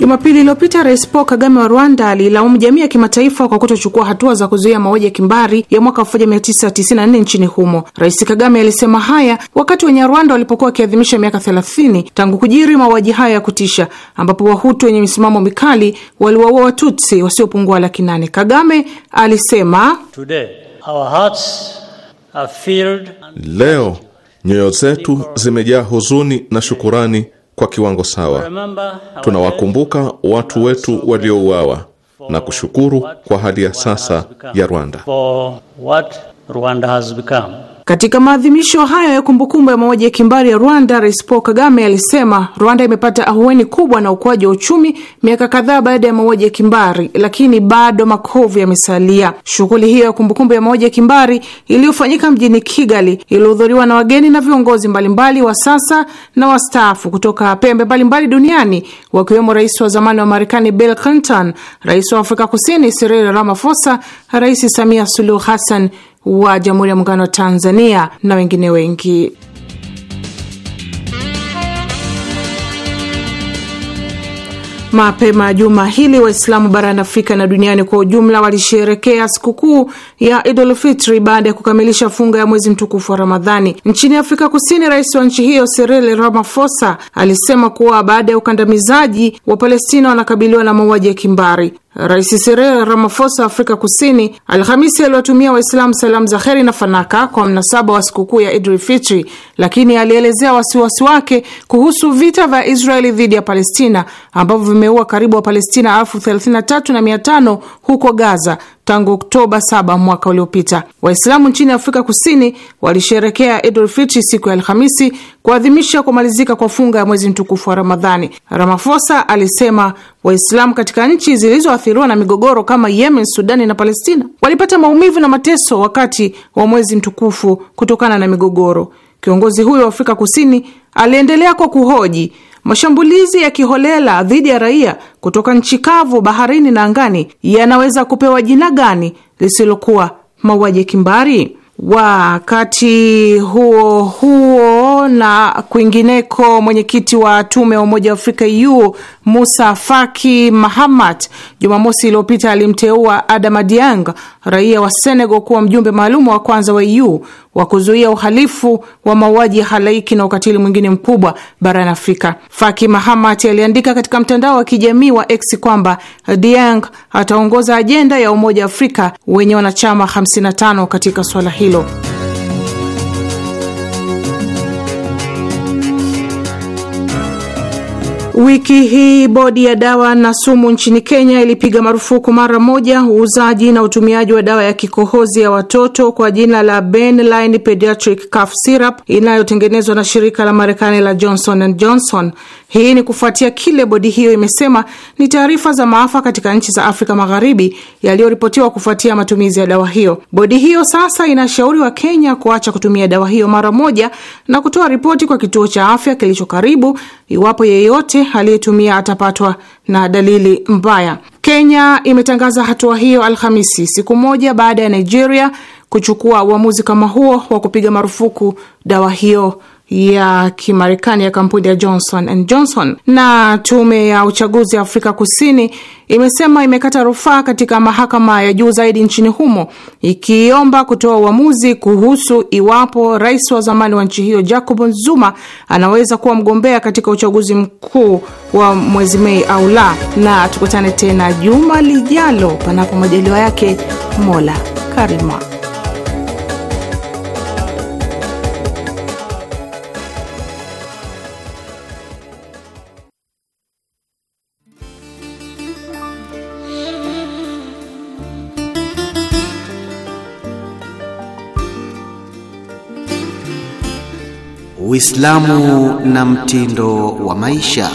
Jumapili iliyopita Rais Paul Kagame wa Rwanda aliilaumu jamii ya kimataifa kwa kutochukua hatua za kuzuia mauaji ya kimbari ya mwaka 1994 nchini humo. Rais Kagame alisema haya wakati wenye rwanda walipokuwa wakiadhimisha miaka 30 tangu kujiri mauaji hayo ya kutisha, ambapo Wahutu wenye misimamo mikali waliwaua Watutsi wasiopungua laki nane. Kagame alisema Today, our hearts are filled... leo nyoyo zetu zimejaa huzuni na shukurani kwa kiwango sawa. Tunawakumbuka watu wetu waliouawa na kushukuru kwa hali ya sasa ya Rwanda. Katika maadhimisho hayo ya kumbukumbu ya mauaji ya kimbari ya Rwanda, Rais Paul Kagame alisema Rwanda imepata ahueni kubwa na ukuaji wa uchumi miaka kadhaa baada ya mauaji ya kimbari, lakini bado makovu yamesalia. Shughuli hiyo ya kumbukumbu ya mauaji ya kimbari iliyofanyika mjini Kigali ilihudhuriwa na wageni na viongozi mbalimbali wa sasa na wastaafu kutoka pembe mbalimbali duniani, wakiwemo rais wa zamani wa Marekani Bill Clinton, rais wa Afrika Kusini Cyril Ramaphosa, Rais Samia Suluhu Hassan wa Jamhuri ya Muungano wa Tanzania na wengine wengi. Mapema juma hili Waislamu barani Afrika na duniani kwa ujumla walisherekea sikukuu ya Idul Fitri baada ya kukamilisha funga ya mwezi mtukufu wa Ramadhani. Nchini Afrika Kusini, rais wa nchi hiyo Cyril Ramaphosa alisema kuwa baada ya ukandamizaji, wa palestina wanakabiliwa na mauaji ya kimbari. Rais Cyril Ramaphosa Afrika Kusini Alhamisi aliwatumia Waislamu salamu za heri na fanaka kwa mnasaba wa sikukuu ya idri Fitri, lakini alielezea wasiwasi wake kuhusu vita vya Israeli dhidi ya Palestina ambavyo vimeua karibu Wapalestina elfu 33 na mia tano huko Gaza tangu Oktoba 7 mwaka uliopita. Waislamu nchini Afrika Kusini walisherekea Idul Fitri siku ya Alhamisi kuadhimisha kumalizika kwa funga ya mwezi mtukufu wa Ramadhani. ramafosa alisema Waislamu katika nchi zilizoathiriwa na migogoro kama Yemen, Sudani na Palestina walipata maumivu na mateso wakati wa mwezi mtukufu kutokana na migogoro. Kiongozi huyo wa Afrika Kusini aliendelea kwa kuhoji Mashambulizi ya kiholela dhidi ya raia kutoka nchi kavu, baharini na angani yanaweza kupewa jina gani lisilokuwa mauaji kimbari? Wakati huo huo na kwingineko, mwenyekiti wa tume ya Umoja wa Afrika u Musa Faki Mahamat Jumamosi iliyopita alimteua Adama Diang, raia wa Senegal, kuwa mjumbe maalum wa kwanza wa EU wa kuzuia uhalifu wa mauaji ya halaiki na ukatili mwingine mkubwa barani Afrika. Faki Mahamat aliandika katika mtandao wa kijamii wa X kwamba Diang ataongoza ajenda ya Umoja wa Afrika wenye wanachama 55 katika swala hili. ¡Gracias! Wiki hii bodi ya dawa na sumu nchini Kenya ilipiga marufuku mara moja uuzaji na utumiaji wa dawa ya kikohozi ya watoto kwa jina la Benline Pediatric Cough Syrup inayotengenezwa na shirika la Marekani la Johnson and Johnson. Hii ni kufuatia kile bodi hiyo imesema ni taarifa za maafa katika nchi za Afrika Magharibi yaliyoripotiwa kufuatia matumizi ya dawa hiyo. Bodi hiyo sasa inashauri wa Kenya kuacha kutumia dawa hiyo mara moja na kutoa ripoti kwa kituo cha afya kilicho karibu iwapo yeyote aliyetumia atapatwa na dalili mbaya. Kenya imetangaza hatua hiyo Alhamisi, siku moja baada ya Nigeria kuchukua uamuzi kama huo wa kupiga marufuku dawa hiyo ya Kimarekani ya kampuni ya Johnson and Johnson. Na tume ya uchaguzi ya Afrika Kusini imesema imekata rufaa katika mahakama ya juu zaidi nchini humo ikiomba kutoa uamuzi kuhusu iwapo rais wa zamani wa nchi hiyo Jacob Zuma anaweza kuwa mgombea katika uchaguzi mkuu wa mwezi Mei au la. Na tukutane tena juma lijalo, panapo majaliwa yake Mola Karima. Uislamu na mtindo wa maisha.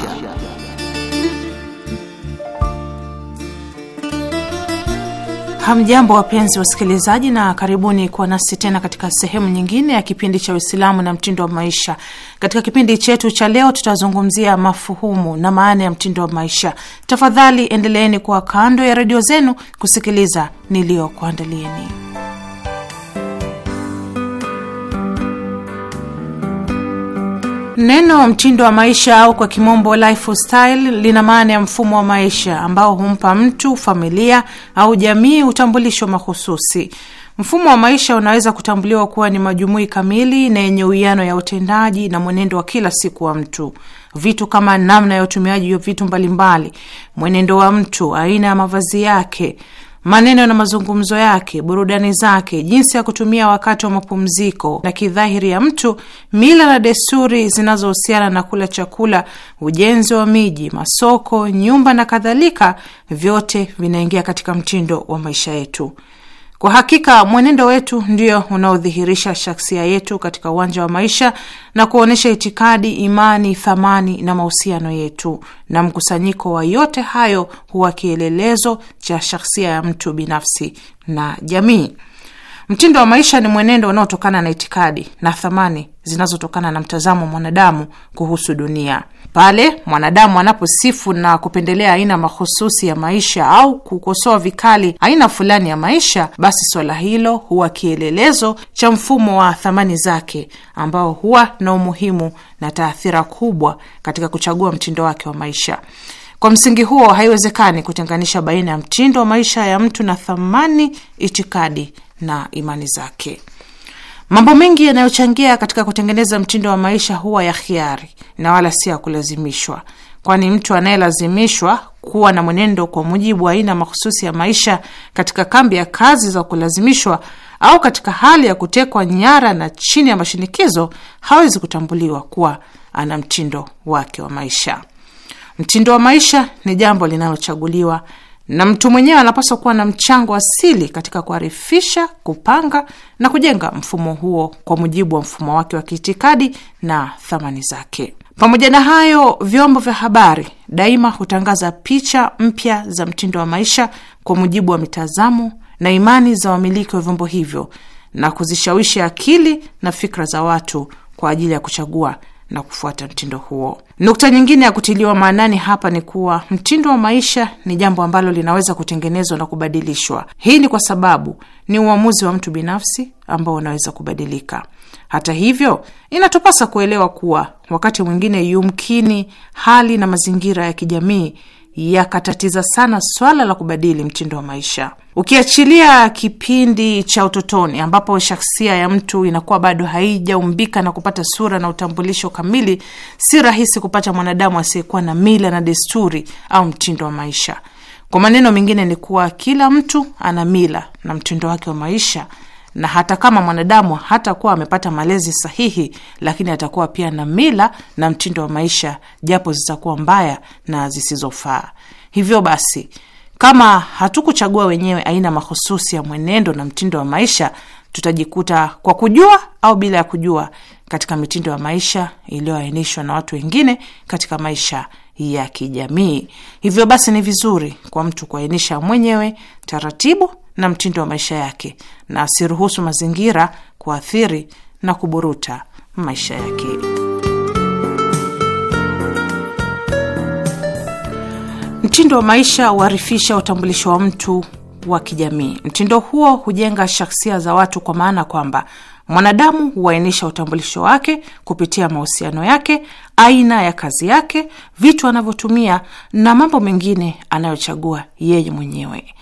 Hamjambo, wapenzi wasikilizaji, na karibuni kuwa nasi tena katika sehemu nyingine ya kipindi cha Uislamu na mtindo wa maisha. Katika kipindi chetu cha leo, tutazungumzia mafuhumu na maana ya mtindo wa maisha. Tafadhali endeleeni kuwa kando ya redio zenu kusikiliza niliyokuandalieni. Neno mtindo wa maisha au kwa kimombo lifestyle lina maana ya mfumo wa maisha ambao humpa mtu, familia au jamii utambulisho mahususi. Mfumo wa maisha unaweza kutambuliwa kuwa ni majumui kamili na yenye uwiano ya utendaji na mwenendo wa kila siku wa mtu. Vitu kama namna ya utumiaji wa vitu mbalimbali, mwenendo wa mtu, aina ya mavazi yake, maneno na mazungumzo yake, burudani zake, jinsi ya kutumia wakati wa mapumziko na kidhahiri ya mtu, mila na desturi zinazohusiana na kula chakula, ujenzi wa miji, masoko, nyumba na kadhalika, vyote vinaingia katika mtindo wa maisha yetu. Kwa hakika mwenendo wetu ndio unaodhihirisha shaksia yetu katika uwanja wa maisha na kuonyesha itikadi, imani, thamani na mahusiano yetu, na mkusanyiko wa yote hayo huwa kielelezo cha shaksia ya mtu binafsi na jamii. Mtindo wa maisha ni mwenendo unaotokana na itikadi na thamani zinazotokana na mtazamo wa mwanadamu kuhusu dunia. Pale mwanadamu anaposifu na kupendelea aina mahususi ya maisha au kukosoa vikali aina fulani ya maisha, basi swala hilo huwa kielelezo cha mfumo wa thamani zake ambao huwa na umuhimu na taathira kubwa katika kuchagua mtindo wake wa maisha. Kwa msingi huo, haiwezekani kutenganisha baina ya mtindo wa maisha ya mtu na thamani, itikadi na imani zake. Mambo mengi yanayochangia katika kutengeneza mtindo wa maisha huwa ya hiari na wala si ya kulazimishwa, kwani mtu anayelazimishwa kuwa na mwenendo kwa mujibu wa aina mahususi ya maisha katika kambi ya kazi za kulazimishwa au katika hali ya kutekwa nyara na chini ya mashinikizo, hawezi kutambuliwa kuwa ana mtindo wake wa maisha. Mtindo wa maisha ni jambo linalochaguliwa na mtu mwenyewe anapaswa kuwa na mchango asili katika kuharifisha, kupanga na kujenga mfumo huo kwa mujibu wa mfumo wake wa kiitikadi na thamani zake. Pamoja na hayo, vyombo vya habari daima hutangaza picha mpya za mtindo wa maisha kwa mujibu wa mitazamo na imani za wamiliki wa vyombo hivyo na kuzishawishi akili na fikra za watu kwa ajili ya kuchagua na kufuata mtindo huo. Nukta nyingine ya kutiliwa maanani hapa ni kuwa mtindo wa maisha ni jambo ambalo linaweza kutengenezwa na kubadilishwa. Hii ni kwa sababu ni uamuzi wa mtu binafsi ambao unaweza kubadilika. Hata hivyo, inatupasa kuelewa kuwa wakati mwingine yumkini hali na mazingira ya kijamii yakatatiza sana swala la kubadili mtindo wa maisha, ukiachilia kipindi cha utotoni ambapo shaksia ya mtu inakuwa bado haijaumbika na kupata sura na utambulisho kamili. Si rahisi kupata mwanadamu asiyekuwa na mila na desturi au mtindo wa maisha. Kwa maneno mengine, ni kuwa kila mtu ana mila na mtindo wake wa maisha na hata kama mwanadamu hatakuwa amepata malezi sahihi, lakini atakuwa pia na mila na mtindo wa maisha, japo zitakuwa mbaya na zisizofaa. Hivyo basi, kama hatukuchagua wenyewe aina mahususi ya mwenendo na mtindo wa maisha, tutajikuta kwa kujua au bila ya kujua katika mitindo ya maisha iliyoainishwa na watu wengine katika maisha ya kijamii. Hivyo basi, ni vizuri kwa mtu kuainisha mwenyewe taratibu na mtindo wa maisha yake na asiruhusu mazingira kuathiri na kuburuta maisha yake. Mtindo wa maisha huharifisha utambulisho wa mtu wa kijamii. Mtindo huo hujenga shaksia za watu, kwa maana kwamba Mwanadamu huainisha utambulisho wake kupitia mahusiano yake, aina ya kazi yake, vitu anavyotumia na mambo mengine anayochagua yeye mwenyewe.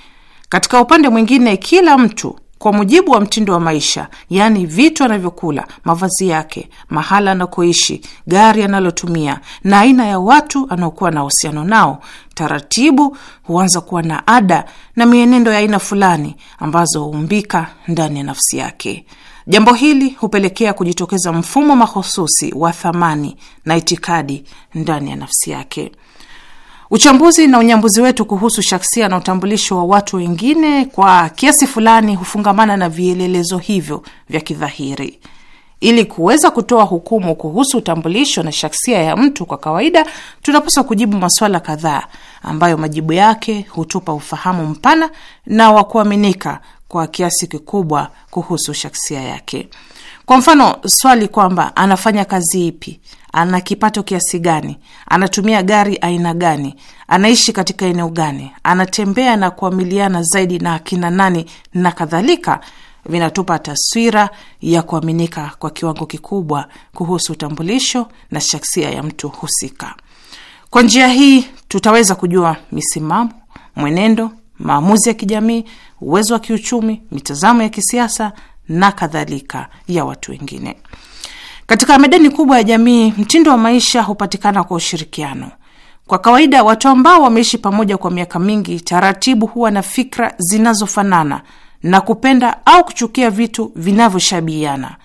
Katika upande mwingine, kila mtu kwa mujibu wa mtindo wa maisha, yaani vitu anavyokula, mavazi yake, mahala anakoishi, gari analotumia na aina ya watu anaokuwa na uhusiano nao, taratibu huanza kuwa na ada na mienendo ya aina fulani ambazo huumbika ndani ya nafsi yake. Jambo hili hupelekea kujitokeza mfumo mahususi wa thamani na itikadi ndani ya nafsi yake. Uchambuzi na unyambuzi wetu kuhusu shaksia na utambulisho wa watu wengine kwa kiasi fulani hufungamana na vielelezo hivyo vya kidhahiri. Ili kuweza kutoa hukumu kuhusu utambulisho na shaksia ya mtu kwa kawaida, tunapaswa kujibu maswala kadhaa ambayo majibu yake hutupa ufahamu mpana na wa kuaminika kwa kiasi kikubwa kuhusu shaksia yake. Kwa mfano, swali kwamba anafanya kazi ipi, ana kipato kiasi gani, anatumia gari aina gani, anaishi katika eneo gani, anatembea na kuamiliana zaidi na akina nani na kadhalika, vinatupa taswira ya kuaminika kwa kiwango kikubwa kuhusu utambulisho na shaksia ya mtu husika. Kwa njia hii tutaweza kujua misimamo, mwenendo, maamuzi ya kijamii uwezo wa kiuchumi, mitazamo ya kisiasa na kadhalika ya watu wengine. Katika medani kubwa ya jamii, mtindo wa maisha hupatikana kwa ushirikiano. Kwa kawaida, watu ambao wameishi pamoja kwa miaka mingi, taratibu huwa na fikra zinazofanana na kupenda au kuchukia vitu vinavyoshabihiana.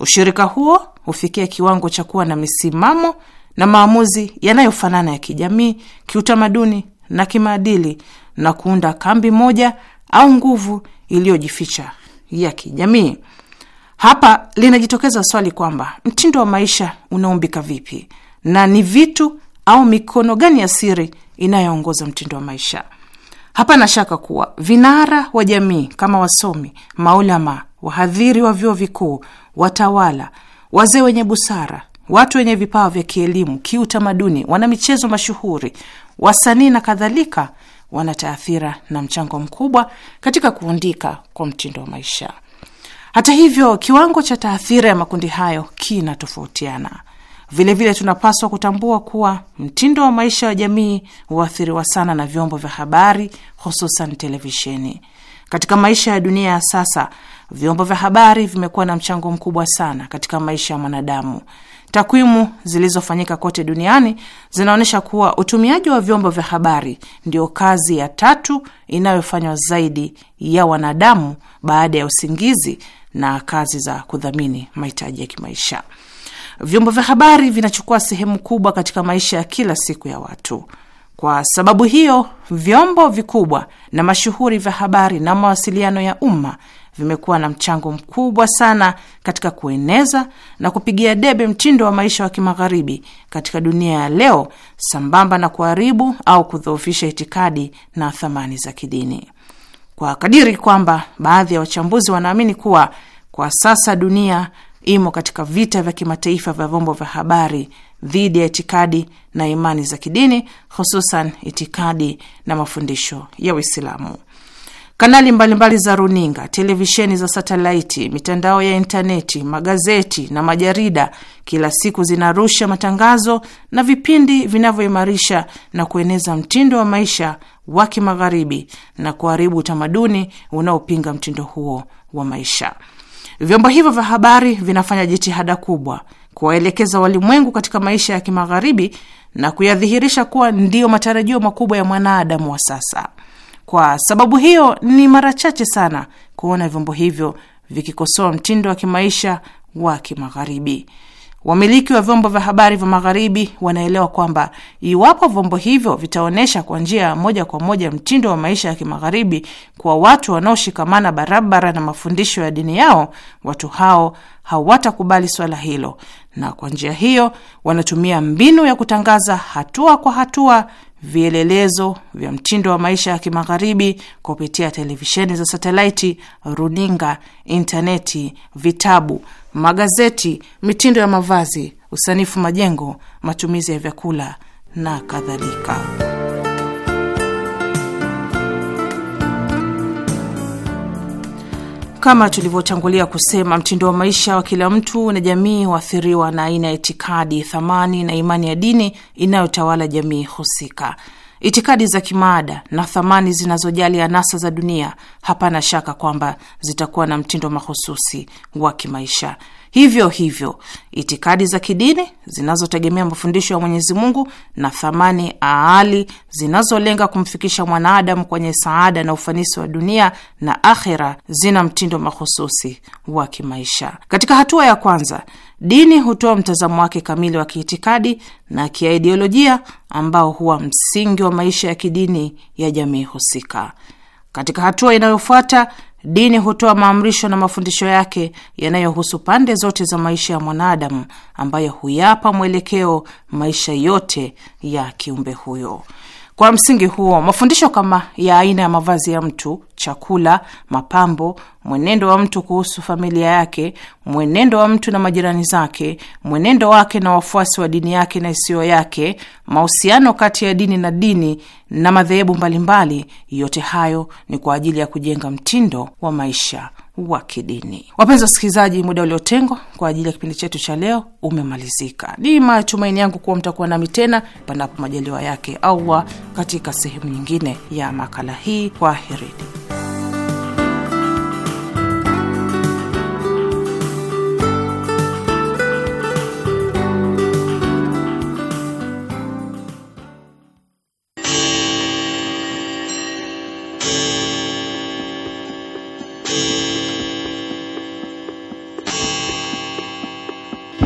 Ushirika huo hufikia kiwango cha kuwa na misimamo na maamuzi yanayofanana ya kijamii, kiutamaduni na kimaadili na kuunda kambi moja au nguvu iliyojificha ya kijamii. Hapa linajitokeza swali kwamba mtindo wa maisha unaumbika vipi na ni vitu au mikono gani ya siri inayoongoza mtindo wa maisha? Hapana shaka kuwa vinara wa jamii kama wasomi, maulama, wahadhiri wa vyuo vikuu, watawala, wazee wenye busara, watu wenye vipawa vya kielimu, kiutamaduni, wanamichezo mashuhuri, wasanii na kadhalika wana taathira na mchango mkubwa katika kuundika kwa mtindo wa maisha. Hata hivyo, kiwango cha taathira ya makundi hayo kinatofautiana. Vilevile tunapaswa kutambua kuwa mtindo wa maisha wa jamii huathiriwa sana na vyombo vya habari, hususan televisheni. Katika maisha ya dunia ya sasa, vyombo vya habari vimekuwa na mchango mkubwa sana katika maisha ya mwanadamu. Takwimu zilizofanyika kote duniani zinaonyesha kuwa utumiaji wa vyombo vya habari ndio kazi ya tatu inayofanywa zaidi ya wanadamu baada ya usingizi na kazi za kudhamini mahitaji ya kimaisha. Vyombo vya habari vinachukua sehemu kubwa katika maisha ya kila siku ya watu. Kwa sababu hiyo, vyombo vikubwa na mashuhuri vya habari na mawasiliano ya umma vimekuwa na mchango mkubwa sana katika kueneza na kupigia debe mtindo wa maisha wa kimagharibi katika dunia ya leo, sambamba na kuharibu au kudhoofisha itikadi na thamani za kidini, kwa kadiri kwamba baadhi ya wachambuzi wanaamini kuwa kwa sasa dunia imo katika vita vya kimataifa vya vyombo vya habari dhidi ya itikadi na imani za kidini, hususan itikadi na mafundisho ya Uislamu. Kanali mbalimbali mbali za runinga, televisheni za satelaiti, mitandao ya intaneti, magazeti na majarida kila siku zinarusha matangazo na vipindi vinavyoimarisha na kueneza mtindo wa maisha wa kimagharibi na kuharibu utamaduni unaopinga mtindo huo wa maisha. Vyombo hivyo vya habari vinafanya jitihada kubwa kuwaelekeza walimwengu katika maisha ya kimagharibi na kuyadhihirisha kuwa ndiyo matarajio makubwa ya mwanadamu wa sasa. Kwa sababu hiyo, ni mara chache sana kuona vyombo hivyo vikikosoa mtindo wa kimaisha wa kimagharibi. Wamiliki wa vyombo vya habari vya magharibi wanaelewa kwamba iwapo vyombo hivyo vitaonyesha kwa njia moja kwa moja mtindo wa maisha ya kimagharibi kwa watu wanaoshikamana barabara na mafundisho ya dini yao, watu hao hawatakubali swala hilo na kwa njia hiyo wanatumia mbinu ya kutangaza hatua kwa hatua vielelezo vya mtindo wa maisha ya kimagharibi kupitia televisheni za satelaiti, runinga, intaneti, vitabu, magazeti, mitindo ya mavazi, usanifu majengo, matumizi ya vyakula na kadhalika. Kama tulivyotangulia kusema, mtindo wa maisha wa kila mtu na jamii huathiriwa na aina ya itikadi, thamani na imani ya dini inayotawala jamii husika. Itikadi za kimaada na thamani zinazojali anasa za dunia, hapana shaka kwamba zitakuwa na mtindo mahususi wa kimaisha. Hivyo hivyo itikadi za kidini zinazotegemea mafundisho ya Mwenyezi Mungu na thamani aali zinazolenga kumfikisha mwanaadamu kwenye saada na ufanisi wa dunia na akhera zina mtindo mahususi wa kimaisha. Katika hatua ya kwanza, dini hutoa mtazamo wake kamili wa kiitikadi na kiaidiolojia ambao huwa msingi wa maisha ya kidini ya jamii husika. Katika hatua inayofuata Dini hutoa maamrisho na mafundisho yake yanayohusu pande zote za maisha ya mwanadamu ambayo huyapa mwelekeo maisha yote ya kiumbe huyo. Kwa msingi huo, mafundisho kama ya aina ya mavazi ya mtu, chakula, mapambo, mwenendo wa mtu kuhusu familia yake, mwenendo wa mtu na majirani zake, mwenendo wake na wafuasi wa dini yake na isiyo yake, mahusiano kati ya dini na dini na madhehebu mbalimbali, yote hayo ni kwa ajili ya kujenga mtindo wa maisha wa kidini. Wapenzi wasikilizaji, muda uliotengwa kwa ajili ya kipindi chetu cha leo umemalizika. Ni matumaini yangu kuwa mtakuwa nami tena panapo majaliwa yake Allah, katika sehemu nyingine ya makala hii. Kwaherini.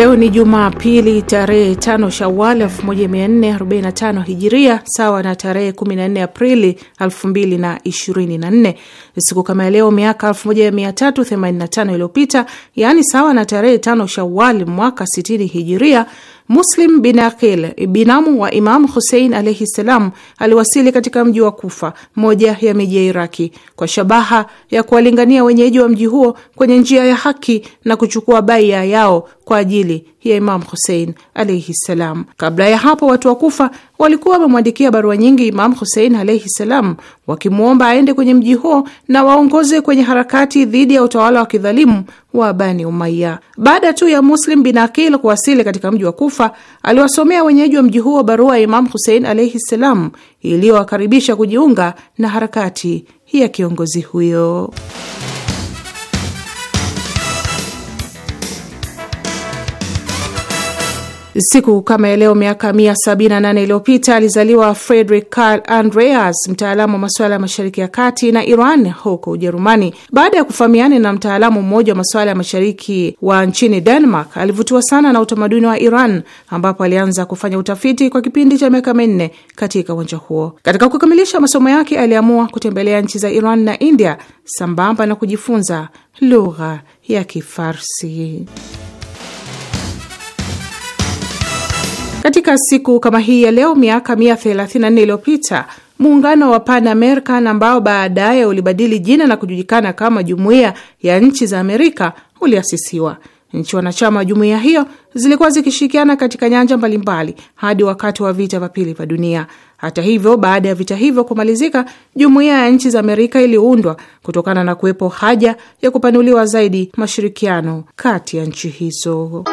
Leo ni Jumapili tarehe 5 Shawal 1445 Hijiria, sawa na tarehe 14 Aprili 2024. Siku kama leo miaka 1385 iliyopita, yaani sawa na tarehe 5 Shawal mwaka 60 Hijiria, Muslim bin Aqil binamu wa Imamu Husein alaihi ssalam aliwasili katika mji wa Kufa, moja ya miji ya Iraki, kwa shabaha ya kuwalingania wenyeji wa mji huo kwenye njia ya haki na kuchukua baia yao kwa ajili pili ya Imam Husein alaihi ssalam. Kabla ya hapo, watu wa Kufa walikuwa wamemwandikia barua nyingi imam Husein alaihi ssalam, wakimwomba aende kwenye mji huo na waongoze kwenye harakati dhidi ya utawala wa kidhalimu wa Bani Umaya. Baada tu ya Muslim bin Akil kuwasili katika mji wa Kufa, aliwasomea wenyeji wa mji huo barua ya imam Husein alaihi ssalam iliyowakaribisha kujiunga na harakati ya kiongozi huyo. Siku kama ya leo miaka nane iliyopita alizaliwa fredrik Karl Andreas, mtaalamu wa masuala ya mashariki ya kati na Iran huko Ujerumani. Baada ya kufahamiana na mtaalamu mmoja wa masuala ya mashariki wa nchini Denmark, alivutiwa sana na utamaduni wa Iran, ambapo alianza kufanya utafiti kwa kipindi cha miaka minne katika uwanja huo. Katika kukamilisha masomo yake, aliamua kutembelea nchi za Iran na India sambamba na kujifunza lugha ya Kifarsi. Katika siku kama hii ya leo miaka 134 iliyopita muungano wa Pan American ambao baadaye ulibadili jina na kujulikana kama Jumuiya ya Nchi za Amerika uliasisiwa. Nchi wanachama wa jumuiya hiyo zilikuwa zikishirikiana katika nyanja mbalimbali hadi wakati wa vita vya pili vya dunia. Hata hivyo, baada ya vita hivyo kumalizika, jumuiya ya nchi za Amerika iliundwa kutokana na kuwepo haja ya kupanuliwa zaidi mashirikiano kati ya nchi hizo.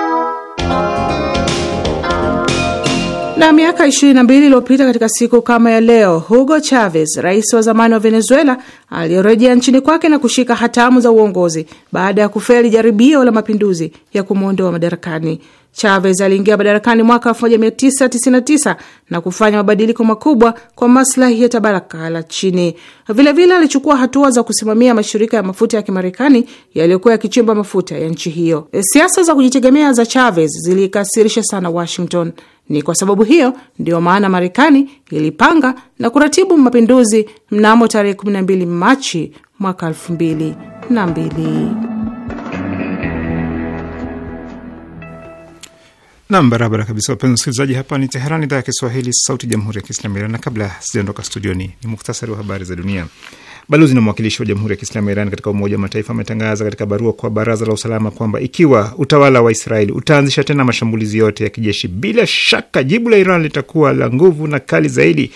Na miaka 22 iliyopita katika siku kama ya leo, Hugo Chavez, rais wa zamani wa Venezuela, aliyorejea nchini kwake na kushika hatamu za uongozi baada ya kufeli jaribio la mapinduzi ya kumwondoa madarakani. Chavez aliingia madarakani mwaka 1999 na kufanya mabadiliko makubwa kwa maslahi ya tabaraka la chini. Vilevile alichukua hatua za kusimamia mashirika ya mafuta ya Kimarekani yaliyokuwa yakichimba mafuta ya nchi hiyo. Siasa za kujitegemea za Chavez zilikasirisha sana Washington. Ni kwa sababu hiyo ndiyo maana Marekani ilipanga na kuratibu mapinduzi mnamo tarehe 12 Machi mwaka 2002. Nam, barabara kabisa, wapenzi msikilizaji. Hapa ni Teherani, idhaa ya Kiswahili, sauti ya jamhuri ya kiislamu Iran. Na kabla sijaondoka studioni, ni, ni muhtasari wa habari za dunia. Balozi na mwakilishi wa Jamhuri ya Kiislamu ya Iran katika Umoja wa Mataifa ametangaza katika barua kwa Baraza la Usalama kwamba ikiwa utawala wa Israeli utaanzisha tena mashambulizi yote ya kijeshi, bila shaka jibu la Iran litakuwa la nguvu na kali zaidi.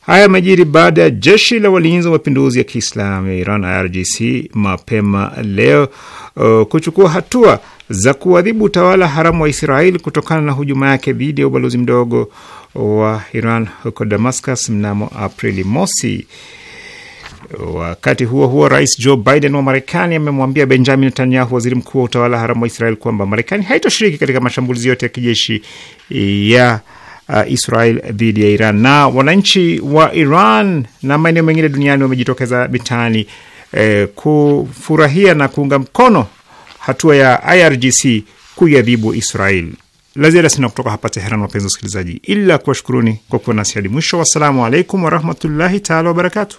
Haya yamejiri baada ya jeshi la walinzi wa mapinduzi ya Kiislamu ya Iran IRGC mapema leo uh, kuchukua hatua za kuadhibu utawala haramu wa Israeli kutokana na hujuma yake dhidi ya ubalozi mdogo wa Iran huko Damascus mnamo Aprili mosi. Wakati huo huo, rais Joe Biden wa Marekani amemwambia Benjamin Netanyahu, waziri mkuu wa utawala haramu wa Israel, kwamba Marekani haitoshiriki katika mashambulizi yote ya kijeshi ya uh, Israel dhidi ya Iran. Na wananchi wa Iran na maeneo mengine duniani wamejitokeza mitaani eh, kufurahia na kuunga mkono hatua ya IRGC kuiadhibu Israel. La ziada sina kutoka hapa Teheran, wapenzi wasikilizaji, ila kuwashukuruni kwa kuwa nasi hadi mwisho. Wassalamu alaikum warahmatullahi taala wabarakatuh.